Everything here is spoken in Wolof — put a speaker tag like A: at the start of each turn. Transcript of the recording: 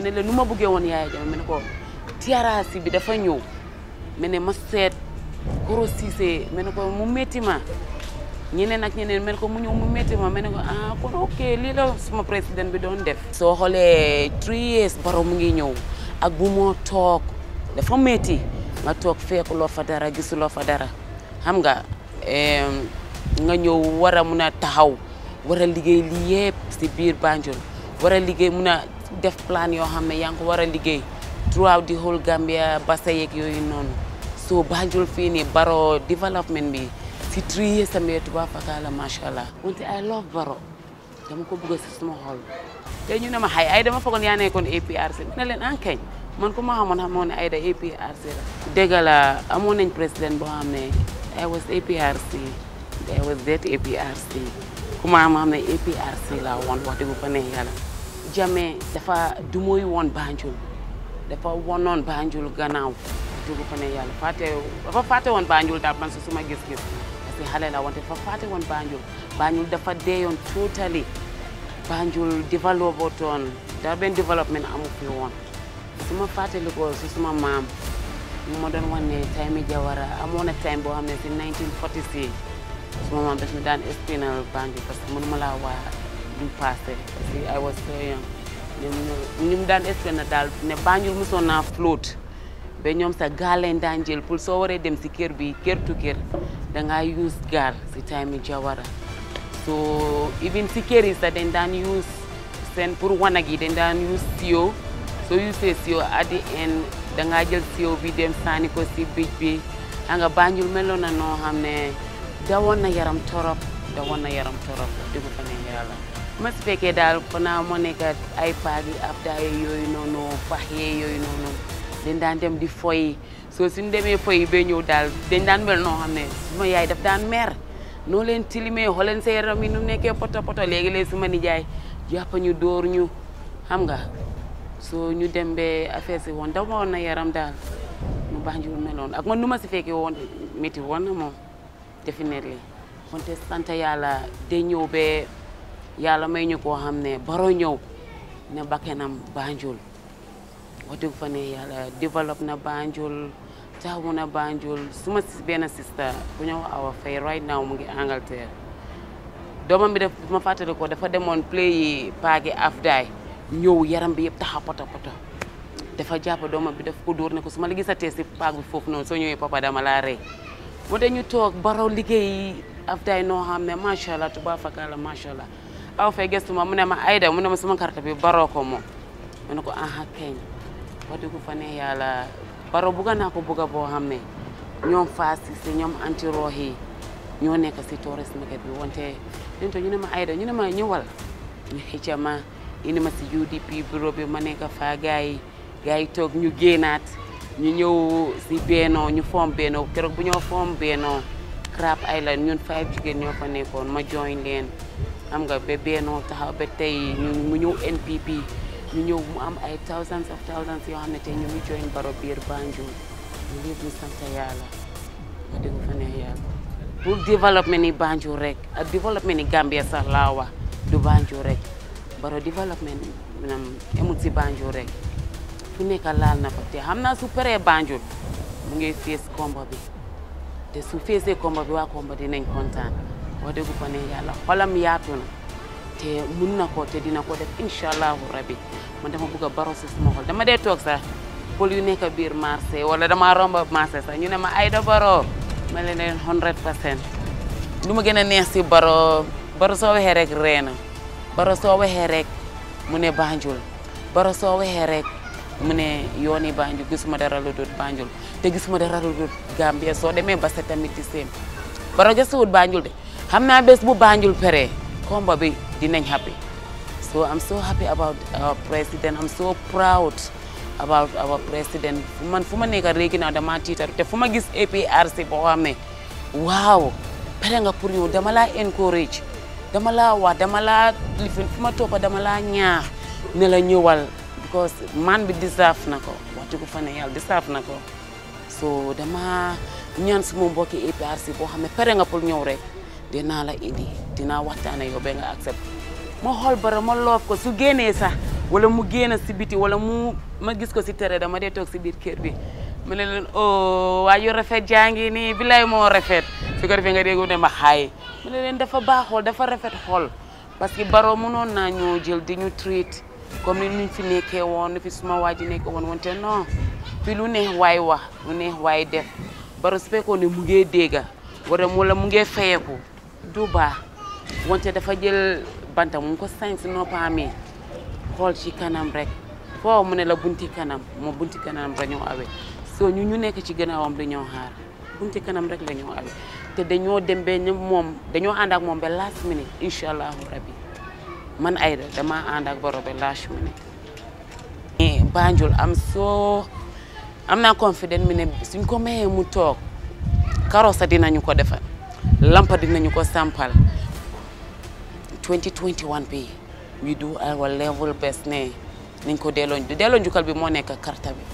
A: ma ne la nu ma buggee woon Yaya Jammeh ma ne ko tiaraasi bi dafa ñëw ma ne ma seet Goro Cissé ma ne ko mu métti ma ñeneen ak ñeneen mel ko mu ñëw mu metti ma ma ne ko ah kon ok lii la suma président bi doon def. soo xoolee three years baro mu ngi ñëw ak bu moo toog dafa metti nga toog fekkuloo fa dara gisuloo fa dara xam nga nga ñëw war a mun a taxaw war a liggéey lii si biir Banjul war liggéey mun a. def plan yoo xam ne yaa ngi ko war a liggéey throughout the whole Gambia basa yeeg yooyu noonu so Banjul fii nii Barrow développement bi si three years amee tubaab fakaa la macha allah. wante I love Barrow dama ko bëgg si suma xol te ñu ne ma xay ay dama foogoon yaa nekkoon APRC ne leen enkañ ah, man ku ma xamoon xamoon ne Aida APRC la. dégg la amoon nañ président boo xam ne I was APRC I APRC ku ma xam ne APRC laa woon wax dëgg fa ne yàlla. Jame dafa du muy woon Banjul dafa wonoon Banjul gannaaw jógu ne yàlla fàtte dafa fàtte woon Banjul daal man su suma gis-gis parce que xale la wante dafa fàtte woon Banjul Banjul dafa deeyoon totally Banjul développé woon dara benn développement amu fi woon su ma fàttalikoo si suma maam mu ma doon wax ne time Jawara amoon na time boo xam ne si 1946 suma maam daf ñu daan expliquer Banjul parce que ma laa waa du passé parce que I was so young ni mu daan expliqué daal ne Banjul mosoon naa flotte ba ñoom sa gaal leen daan jël soo waree dem si kër bi kër tu kër da ngaa use gaal si time Jawara so even si kër yi sax dañ daan use seen pour wanag yi dañ daan use sio soo usee sio at end da jël sio bi dem sànni ko si bij bi a nga Banjul meloon na noo xam ne dawoon na yaram torop dawoon yaram torop dëgg fa ne yàlla ma si fekkee daal xanaa moo nekk ay paag yi ab yooyu noonu pax yee yooyu noonu dañ daan dem di foy soo suñu demee foy ba ñëw daal dañ daan mel noo xam ne suma yaay daf daan mer noo leen tilimee xooleen sa yaram yi nu nekkee poto poto léegi léegi suma nijaay jàpp ñu dóor ñu xam nga soo ñu dem ba affaire woon dama na yaram daal mu baax ñu meloon ak man nu ma si fekkee woon métti woon na moom definitely wante sant yàlla day ñëw ba yàlla may ñu koo xam ne baro ñëw ne bakkenam Banjul wax dëgg fa ne yàlla développe na Banjul taxawu na Banjul suma benn sista bu ñëw wax Awa Faye right now mu ngi Angleterre doomam bi def ma fàttali ko dafa demoon play yi paagi afdaay ñëw yaram bi yëpp taxa poto poto dafa jàpp doomam bi daf ko dóor ne ko suma ma la gisatee si paag bi foofu noonu soo ñëwee papa dama laa rey moo tax ñu toog baro liggéey afdaay noo xam ne macha allah tubaab fakala macha allah aw fay gëstu ma mu ne ma ayda mu ne ma sama carte bi baroo ko moom ne ko aha keñ wax fa ne yàlla baro bugga naa ko buga boo xam ne ñoom Fass si ñoom anti roox yi ñoo nekk si tourist market bi wonte ñu ne ma Aida ñu ne ma ñëwal ñu xicca ma indi ma si UDP bureau bi ma nekk fa gars yi gars toog ñu génnaat ñu ñëw si bennoo ñu foom bennoo keroog bu ñoo foom bennoo Crab Island ñun five jigéen ñoo fa nekkoon ma join leen xam nga ba bennoo taxaw ba tey mu ñëw NPP ñu ñëw mu am ay thousands of thousands yoo xam ne te ñu ngi join Barrow biir Banjul ñu lépp ñu sant yàlla wax dëgg fa Banjul rek a développement ni Gambia sax laa wax du Banjul rek Barrow développement nam amul si Banjul rek fu nekk laal na ko te xam naa su paree Banjul mu ngi fees komba bi te su feesee komba bi waa komba dinañ kontaan wax dëgg fa ne yàlla xolam yaatu na te mun na ko te dina ko def incha allahu rabi man dama bëgg a baro si dama dee toog sax pël yu nekk biir marché wala dama romba marché sax ñu ne ma Aida Barrow ma leen leen 100 pour cent ma gën a neex si Barrow Barrow soo waxee rek reena Barrow soo waxee rek mu ne Banjul Barrow soo waxee rek mu ne yooni Banjul gisuma dara lu dul Banjul te gisuma dara lu dul Gambia soo demee ba sa tamit di séem Barrow gëstuwut Banjul de xam naa bés bu Banjul pere combat bi dinañ happy so I'm so happy about our president I'm so proud about our president man fu ma nekk léegi nag dama tiitar te fu ma gis APRC boo xam ne waaw pere nga pour ñëw dama la encourage dama la wax dama laa lifin fu ma toppa dama laa ñaa ne la ñëwal because man bi deserve na ko wax dëgg fa ne yàlla deserve na ko so dama ñaan suma mbokki APRC boo xam ne pere nga pour ñëw rek naa la indi dinaa waxtaan ak yow ba nga accept ma xool bara ma loof ko su génnee sax wala mu génn si biti wala mu ma gis ko si tere dama dee toog si biir kër bi mu ne leen o oh, rafet jàngi nii bilaay moo rafet su ko defee nga dégg ne ma leen dafa baax dafa rafet xool parce que baro mënoon naa ñoo jël di ñu treat comme ni ñu fi nekkee woon ni fi suma waa ji nekk woon wante non fi lu neex waay wax lu neex waay def baro su mu ngee dégga wala mu ngee fayeku du baax wante dafa jël banta mu ko sañ si noppaamee xool ci kanam rek foo mu ne la bunti kanam moom bunt kanam rek ñoo awee ñu nekk ci gannaawam dañoo xaar bunti kanam rek la ñoo awee te dañoo dem ba moom dañoo ànd ak moom ba last minute incha allahu rabbi man Aida dama ànd ak boro ba last minute eh, Banjul am soo am naa confident mi ne suñ ko mayee mu toog karosa dinañu ko defal lampa dinañu ko sampal 2021 bi we do wa level best ne nañ ko delloo delloo njukkal bi moo nekk karta bi